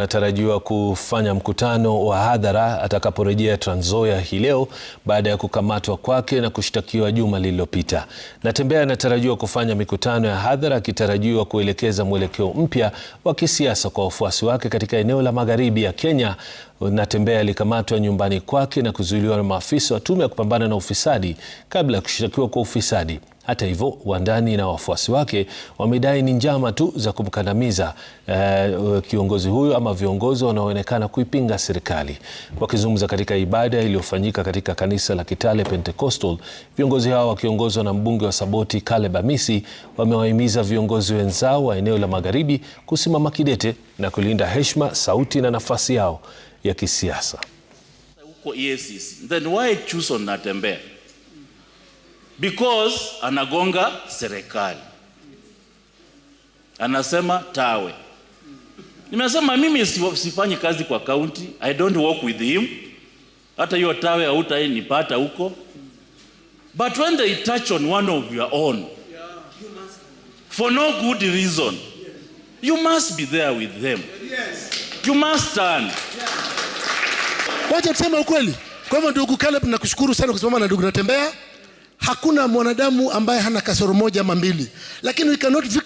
Anatarajiwa kufanya mkutano wa hadhara atakaporejea Trans Nzoia hii leo baada ya kukamatwa kwake na kushtakiwa juma lililopita. Natembeya anatarajiwa kufanya mikutano ya hadhara akitarajiwa kuelekeza mwelekeo mpya wa kisiasa kwa wafuasi wake katika eneo la magharibi ya Kenya. Natembeya alikamatwa nyumbani kwake na kuzuiliwa na maafisa wa tume ya kupambana na ufisadi kabla ya kushtakiwa kwa ufisadi. Hata hivyo, wandani na wafuasi wake wamedai ni njama tu za kumkandamiza uh, kiongozi huyo ama viongozi wanaoonekana kuipinga serikali. Wakizungumza katika ibada iliyofanyika katika kanisa la Kitale Pentecostal, viongozi hao wakiongozwa na mbunge wa Saboti Caleb Amisi wamewahimiza viongozi wenzao wa eneo la Magharibi kusimama kidete na kulinda heshima, sauti na nafasi yao ya kisiasa. then why choose on Natembeya? because anagonga serikali, anasema tawe. Nimesema mimi sifanyi kazi kwa kaunti I don't work with him. Hata hiyo tawe nipata huko, but when they touch on one of your own for no good reason you must be there with them. You must stand. Wacha tuseme ukweli. Kwa hivyo, ndugu Caleb, nakushukuru sana kusimama na ndugu Natembea. Hakuna mwanadamu ambaye hana kasoro moja ama mbili, lakini we cannot victimize